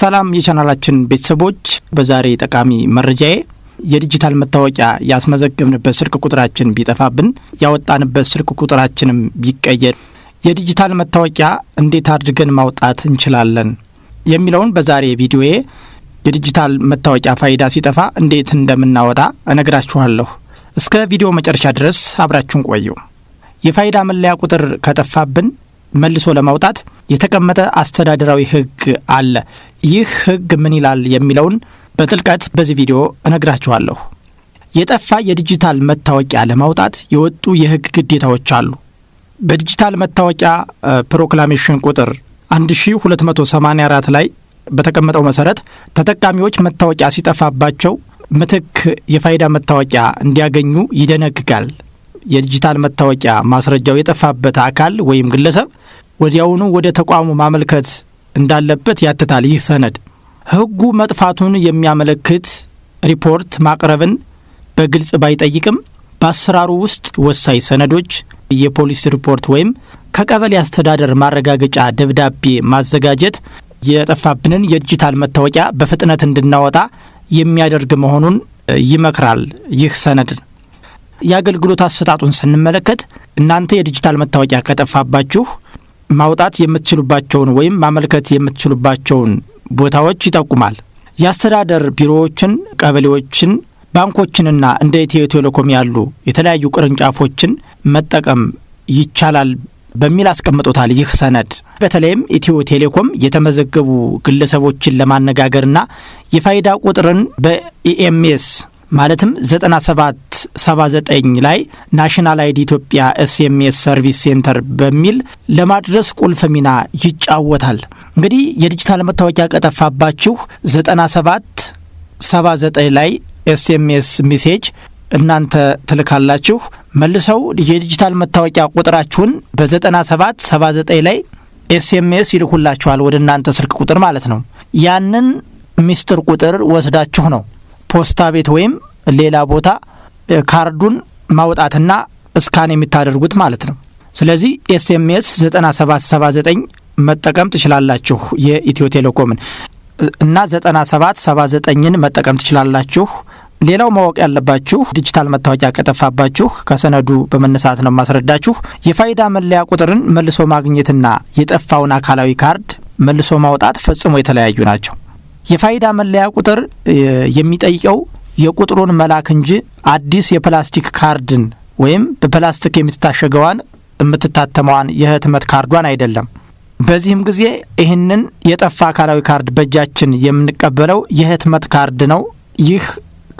ሰላም የቻናላችን ቤተሰቦች፣ በዛሬ ጠቃሚ መረጃዬ የዲጂታል መታወቂያ ያስመዘገብንበት ስልክ ቁጥራችን ቢጠፋብን ያወጣንበት ስልክ ቁጥራችንም ቢቀየር የዲጂታል መታወቂያ እንዴት አድርገን ማውጣት እንችላለን የሚለውን በዛሬ ቪዲዮዬ የዲጂታል መታወቂያ ፋይዳ ሲጠፋ እንዴት እንደምናወጣ እነግራችኋለሁ። እስከ ቪዲዮ መጨረሻ ድረስ አብራችሁን ቆዩ። የፋይዳ መለያ ቁጥር ከጠፋብን መልሶ ለማውጣት የተቀመጠ አስተዳደራዊ ሕግ አለ። ይህ ህግ ምን ይላል የሚለውን በጥልቀት በዚህ ቪዲዮ እነግራችኋለሁ። የጠፋ የዲጂታል መታወቂያ ለማውጣት የወጡ የህግ ግዴታዎች አሉ። በዲጂታል መታወቂያ ፕሮክላሜሽን ቁጥር 1284 ላይ በተቀመጠው መሰረት ተጠቃሚዎች መታወቂያ ሲጠፋባቸው ምትክ የፋይዳ መታወቂያ እንዲያገኙ ይደነግጋል። የዲጂታል መታወቂያ ማስረጃው የጠፋበት አካል ወይም ግለሰብ ወዲያውኑ ወደ ተቋሙ ማመልከት እንዳለበት ያትታል። ይህ ሰነድ ሕጉ መጥፋቱን የሚያመለክት ሪፖርት ማቅረብን በግልጽ ባይጠይቅም በአሰራሩ ውስጥ ወሳኝ ሰነዶች፣ የፖሊስ ሪፖርት ወይም ከቀበሌ አስተዳደር ማረጋገጫ ደብዳቤ ማዘጋጀት የጠፋብንን የዲጂታል መታወቂያ በፍጥነት እንድናወጣ የሚያደርግ መሆኑን ይመክራል። ይህ ሰነድ የአገልግሎት አሰጣጡን ስንመለከት እናንተ የዲጂታል መታወቂያ ከጠፋባችሁ ማውጣት የምትችሉባቸውን ወይም ማመልከት የምትችሉባቸውን ቦታዎች ይጠቁማል። የአስተዳደር ቢሮዎችን፣ ቀበሌዎችን፣ ባንኮችንና እንደ ኢትዮ ቴሌኮም ያሉ የተለያዩ ቅርንጫፎችን መጠቀም ይቻላል በሚል አስቀምጦታል። ይህ ሰነድ በተለይም ኢትዮ ቴሌኮም የተመዘገቡ ግለሰቦችን ለማነጋገርና የፋይዳ ቁጥርን በኢኤምኤስ ማለትም 97 79 ላይ ናሽናል አይዲ ኢትዮጵያ ኤስኤምኤስ ሰርቪስ ሴንተር በሚል ለማድረስ ቁልፍ ሚና ይጫወታል። እንግዲህ የዲጂታል መታወቂያ ከጠፋባችሁ 97 79 ላይ ኤስኤምኤስ ሜሴጅ እናንተ ትልካላችሁ። መልሰው የዲጂታል መታወቂያ ቁጥራችሁን በ97 79 ላይ ኤስኤምኤስ ይልኩላችኋል ወደ እናንተ ስልክ ቁጥር ማለት ነው። ያንን ሚስጥር ቁጥር ወስዳችሁ ነው ፖስታ ቤት ወይም ሌላ ቦታ ካርዱን ማውጣትና እስካን የሚታደርጉት ማለት ነው። ስለዚህ ኤስኤምኤስ 9779 መጠቀም ትችላላችሁ የኢትዮ ቴሌኮምን እና 9779ን መጠቀም ትችላላችሁ። ሌላው ማወቅ ያለባችሁ ዲጂታል መታወቂያ ከጠፋባችሁ ከሰነዱ በመነሳት ነው ማስረዳችሁ። የፋይዳ መለያ ቁጥርን መልሶ ማግኘትና የጠፋውን አካላዊ ካርድ መልሶ ማውጣት ፈጽሞ የተለያዩ ናቸው። የፋይዳ መለያ ቁጥር የሚጠይቀው የቁጥሩን መላክ እንጂ አዲስ የፕላስቲክ ካርድን ወይም በፕላስቲክ የምትታሸገዋን የምትታተመዋን የህትመት ካርዷን አይደለም። በዚህም ጊዜ ይህንን የጠፋ አካላዊ ካርድ በእጃችን የምንቀበለው የህትመት ካርድ ነው። ይህ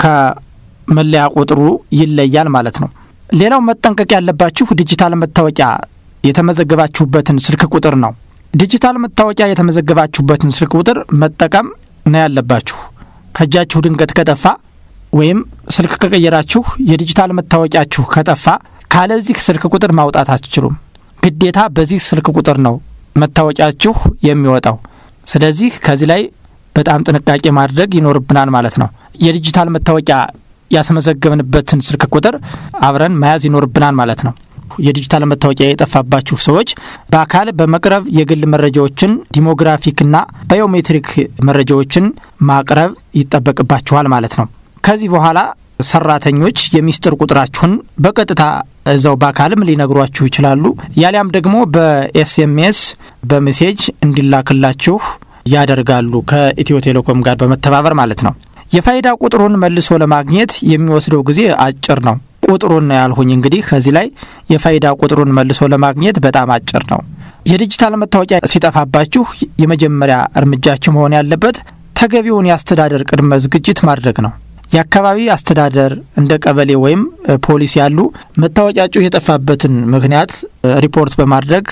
ከመለያ ቁጥሩ ይለያል ማለት ነው። ሌላው መጠንቀቅ ያለባችሁ ዲጂታል መታወቂያ የተመዘገባችሁበትን ስልክ ቁጥር ነው። ዲጂታል መታወቂያ የተመዘገባችሁበትን ስልክ ቁጥር መጠቀም ነው ያለባችሁ። ከእጃችሁ ድንገት ከጠፋ ወይም ስልክ ከቀየራችሁ የዲጂታል መታወቂያችሁ ከጠፋ ካለዚህ ስልክ ቁጥር ማውጣት አትችሉም። ግዴታ በዚህ ስልክ ቁጥር ነው መታወቂያችሁ የሚወጣው። ስለዚህ ከዚህ ላይ በጣም ጥንቃቄ ማድረግ ይኖርብናል ማለት ነው። የዲጂታል መታወቂያ ያስመዘገብንበትን ስልክ ቁጥር አብረን መያዝ ይኖርብናል ማለት ነው። የዲጂታል መታወቂያ የጠፋባችሁ ሰዎች በአካል በመቅረብ የግል መረጃዎችን፣ ዲሞግራፊክና ባዮሜትሪክ መረጃዎችን ማቅረብ ይጠበቅባችኋል ማለት ነው። ከዚህ በኋላ ሰራተኞች የሚስጥር ቁጥራችሁን በቀጥታ እዛው በአካልም ሊነግሯችሁ ይችላሉ። ያሊያም ደግሞ በኤስኤምኤስ በሜሴጅ እንዲላክላችሁ ያደርጋሉ ከኢትዮ ቴሌኮም ጋር በመተባበር ማለት ነው። የፋይዳ ቁጥሩን መልሶ ለማግኘት የሚወስደው ጊዜ አጭር ነው። ቁጥሩን ነው ያልሁኝ። እንግዲህ ከዚህ ላይ የፋይዳ ቁጥሩን መልሶ ለማግኘት በጣም አጭር ነው። የዲጂታል መታወቂያ ሲጠፋባችሁ የመጀመሪያ እርምጃችሁ መሆን ያለበት ተገቢውን የአስተዳደር ቅድመ ዝግጅት ማድረግ ነው። የአካባቢ አስተዳደር እንደ ቀበሌ ወይም ፖሊስ ያሉ መታወቂያችሁ የጠፋበትን ምክንያት ሪፖርት በማድረግ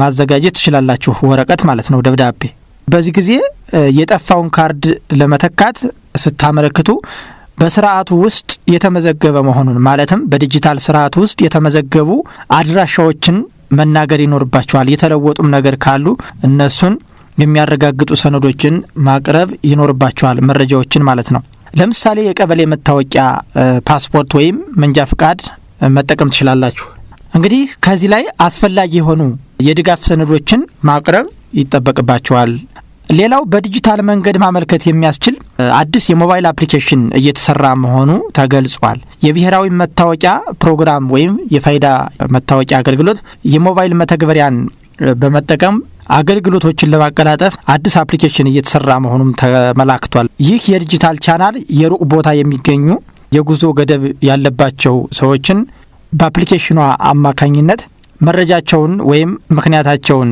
ማዘጋጀት ትችላላችሁ። ወረቀት ማለት ነው፣ ደብዳቤ። በዚህ ጊዜ የጠፋውን ካርድ ለመተካት ስታመለክቱ በስርዓቱ ውስጥ የተመዘገበ መሆኑን ማለትም በዲጂታል ስርዓት ውስጥ የተመዘገቡ አድራሻዎችን መናገር ይኖርባቸዋል። የተለወጡም ነገር ካሉ እነሱን የሚያረጋግጡ ሰነዶችን ማቅረብ ይኖርባቸዋል፣ መረጃዎችን ማለት ነው። ለምሳሌ የቀበሌ መታወቂያ ፓስፖርት ወይም መንጃ ፍቃድ መጠቀም ትችላላችሁ። እንግዲህ ከዚህ ላይ አስፈላጊ የሆኑ የድጋፍ ሰነዶችን ማቅረብ ይጠበቅባቸዋል። ሌላው በዲጂታል መንገድ ማመልከት የሚያስችል አዲስ የሞባይል አፕሊኬሽን እየተሰራ መሆኑ ተገልጿል። የብሔራዊ መታወቂያ ፕሮግራም ወይም የፋይዳ መታወቂያ አገልግሎት የሞባይል መተግበሪያን በመጠቀም አገልግሎቶችን ለማቀላጠፍ አዲስ አፕሊኬሽን እየተሰራ መሆኑም ተመላክቷል። ይህ የዲጂታል ቻናል የሩቅ ቦታ የሚገኙ የጉዞ ገደብ ያለባቸው ሰዎችን በአፕሊኬሽኗ አማካኝነት መረጃቸውን ወይም ምክንያታቸውን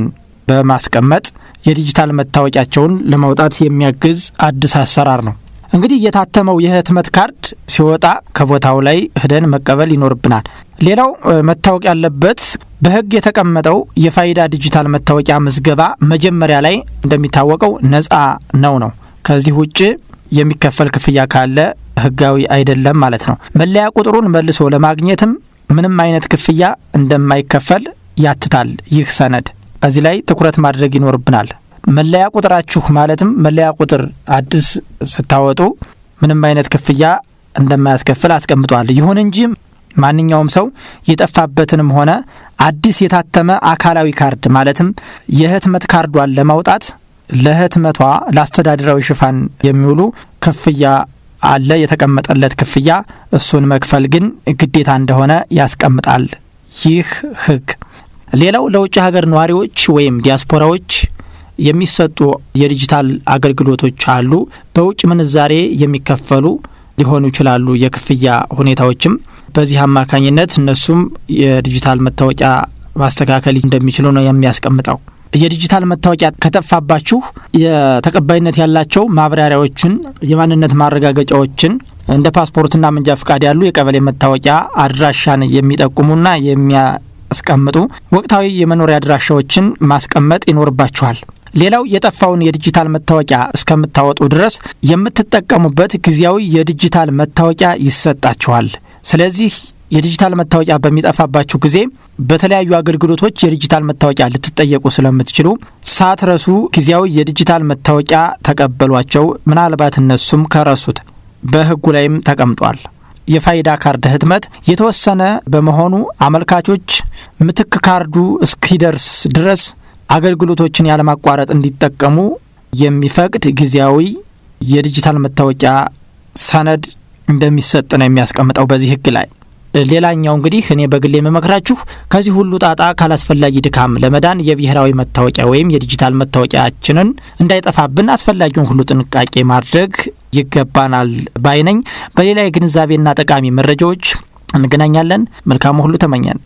በማስቀመጥ የዲጂታል መታወቂያቸውን ለማውጣት የሚያግዝ አዲስ አሰራር ነው። እንግዲህ የታተመው የህትመት ካርድ ሲወጣ ከቦታው ላይ ህደን መቀበል ይኖርብናል። ሌላው መታወቅ ያለበት በህግ የተቀመጠው የፋይዳ ዲጂታል መታወቂያ ምዝገባ መጀመሪያ ላይ እንደሚታወቀው ነጻ ነው ነው ከዚህ ውጭ የሚከፈል ክፍያ ካለ ህጋዊ አይደለም ማለት ነው። መለያ ቁጥሩን መልሶ ለማግኘትም ምንም አይነት ክፍያ እንደማይከፈል ያትታል ይህ ሰነድ። እዚህ ላይ ትኩረት ማድረግ ይኖርብናል። መለያ ቁጥራችሁ ማለትም መለያ ቁጥር አዲስ ስታወጡ ምንም አይነት ክፍያ እንደማያስከፍል አስቀምጧል። ይሁን እንጂ ማንኛውም ሰው የጠፋበትንም ሆነ አዲስ የታተመ አካላዊ ካርድ ማለትም የህትመት ካርዷን ለማውጣት ለህትመቷ ለአስተዳደራዊ ሽፋን የሚውሉ ክፍያ አለ። የተቀመጠለት ክፍያ እሱን መክፈል ግን ግዴታ እንደሆነ ያስቀምጣል ይህ ህግ። ሌላው ለውጭ ሀገር ነዋሪዎች ወይም ዲያስፖራዎች የሚሰጡ የዲጂታል አገልግሎቶች አሉ። በውጭ ምንዛሬ የሚከፈሉ ሊሆኑ ይችላሉ የክፍያ ሁኔታዎችም በዚህ አማካኝነት እነሱም የዲጂታል መታወቂያ ማስተካከል እንደሚችሉ ነው የሚያስቀምጠው። የዲጂታል መታወቂያ ከጠፋባችሁ የተቀባይነት ያላቸው ማብራሪያዎችን፣ የማንነት ማረጋገጫዎችን እንደ ፓስፖርትና መንጃ ፍቃድ ያሉ የቀበሌ መታወቂያ አድራሻን የሚጠቁሙና የሚያስቀምጡ ወቅታዊ የመኖሪያ አድራሻዎችን ማስቀመጥ ይኖርባችኋል። ሌላው የጠፋውን የዲጂታል መታወቂያ እስከምታወጡ ድረስ የምትጠቀሙበት ጊዜያዊ የዲጂታል መታወቂያ ይሰጣችኋል። ስለዚህ የዲጂታል መታወቂያ በሚጠፋባችሁ ጊዜ በተለያዩ አገልግሎቶች የዲጂታል መታወቂያ ልትጠየቁ ስለምትችሉ ሳትረሱ ጊዜያዊ የዲጂታል መታወቂያ ተቀበሏቸው። ምናልባት እነሱም ከረሱት በህጉ ላይም ተቀምጧል። የፋይዳ ካርድ ህትመት የተወሰነ በመሆኑ አመልካቾች ምትክ ካርዱ እስኪደርስ ድረስ አገልግሎቶችን ያለማቋረጥ እንዲጠቀሙ የሚፈቅድ ጊዜያዊ የዲጂታል መታወቂያ ሰነድ እንደሚሰጥ ነው የሚያስቀምጠው በዚህ ህግ ላይ። ሌላኛው እንግዲህ እኔ በግል የምመክራችሁ ከዚህ ሁሉ ጣጣ ካላስፈላጊ ድካም ለመዳን የብሔራዊ መታወቂያ ወይም የዲጂታል መታወቂያችንን እንዳይጠፋብን አስፈላጊውን ሁሉ ጥንቃቄ ማድረግ ይገባናል ባይነኝ። በሌላ የግንዛቤና ጠቃሚ መረጃዎች እንገናኛለን። መልካሙ ሁሉ ተመኘን።